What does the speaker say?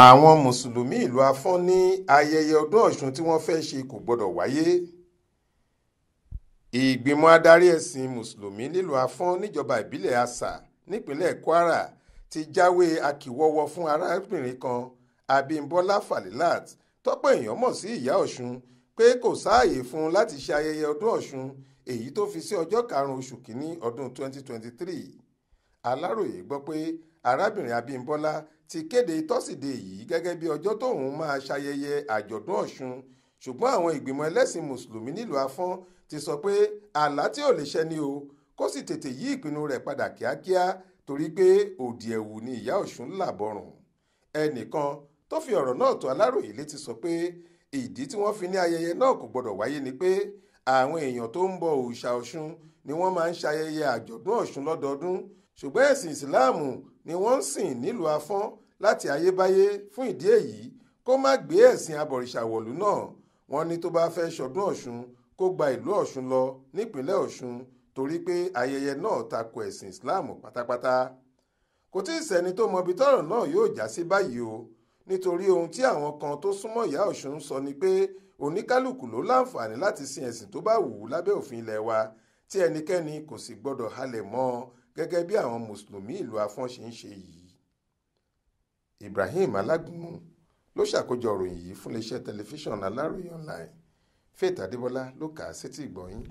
àwọn mùsùlùmí ìlú afọ́n ní ayẹyẹ ọdún ọ̀ṣun tí wọ́n fẹ́ ṣe kò gbọ́dọ̀ wáyé ìgbìmọ̀ adarí ẹ̀sìn mùsùlùmí nílùú afọ́n níjọba ìbílẹ̀ àṣà nípínlẹ̀ kwara ti jáwé akíwọ́wọ́ fún arábìnrin kan abímbọ́lá falilat tọ́pọ̀ èèyàn mọ̀ sí ìyá ọ̀ṣun pé kò sáàyè fún un láti ṣe ayẹyẹ ọdún ọ̀ṣun èyí tó fi sí ọjọ́ karùn-ún oṣù kínní ọdún 2023 aláròye gbọ́ pé arábìnrin abímbọ́lá ti kéde tọ́sídẹ̀ẹ́ yìí gẹ́gẹ́ bí ọjọ́ tóun máa ṣayẹyẹ àjọ̀dún ọ̀ṣun ṣùgbọ́n àwọn ìgbìmọ̀ ẹlẹ́sìn mùsùlùmí nílùú afọ́n ti sọ pé àlá tí ò lè ṣẹ ni o kó sì tètè yí ìpinnu rẹ̀ padà kíákíá torí pé òdì ẹ̀wù ni ìyá ọ̀ṣun là bọ̀rùn ẹnìkan tó fi ọ̀rọ̀ náà tó aláròye létí sọ pé ìdí tí wọ́n fi ní ayẹyẹ náà kò gbọ́dọ̀ wáyé ni pé àwọn èèyàn tó ń bọ òòṣà ọ̀ṣun ni wọ́n máa ń ṣayẹyẹ àjọ̀dún ọ̀ṣun lọ́dọọdún ṣùgbọ́n ẹ̀sìn ìsìláàmù ni wọ́n ń sìn nílùú afọ́n láti ayébáyé fún ìdí èyí kó má gbé ẹ̀sìn abọ̀rìṣàwọ̀lú náà wọ́n ní tó bá fẹ́ ṣọdún ọ̀ṣun kó gba ìlú ọ̀ṣun lọ nípínlẹ̀ ọ̀ṣun torí pé ayẹyẹ náà tako ẹ̀sìn ìsìláàmù pátápátá kò tí ì sẹ́ni tó mọbi tọ́rọ̀ náà yóò já sí báyìí o nítorí ohun tí àwọn kan tó súnmọ́ ìyá ọ̀ṣun sọ ni pé oníkálùkù ló láǹfààní láti sin ẹ̀sìn tó bá wù ú lábẹ́ òfin ilẹ̀ wa tí ẹnikẹ́ni kò sì gbọ́dọ̀ halẹ̀ mọ́ ọ gẹ́gẹ́ bí àwọn mùsùlùmí ìlú afọ́n ń ṣe yìí Ibrahim Alágúnmu ló ṣàkójọ ìròyìn yìí fún iléeṣẹ́ tẹlifíṣàn Aláròye online Faith Adébọlá ló kà á sétí ìgbọ̀nyín.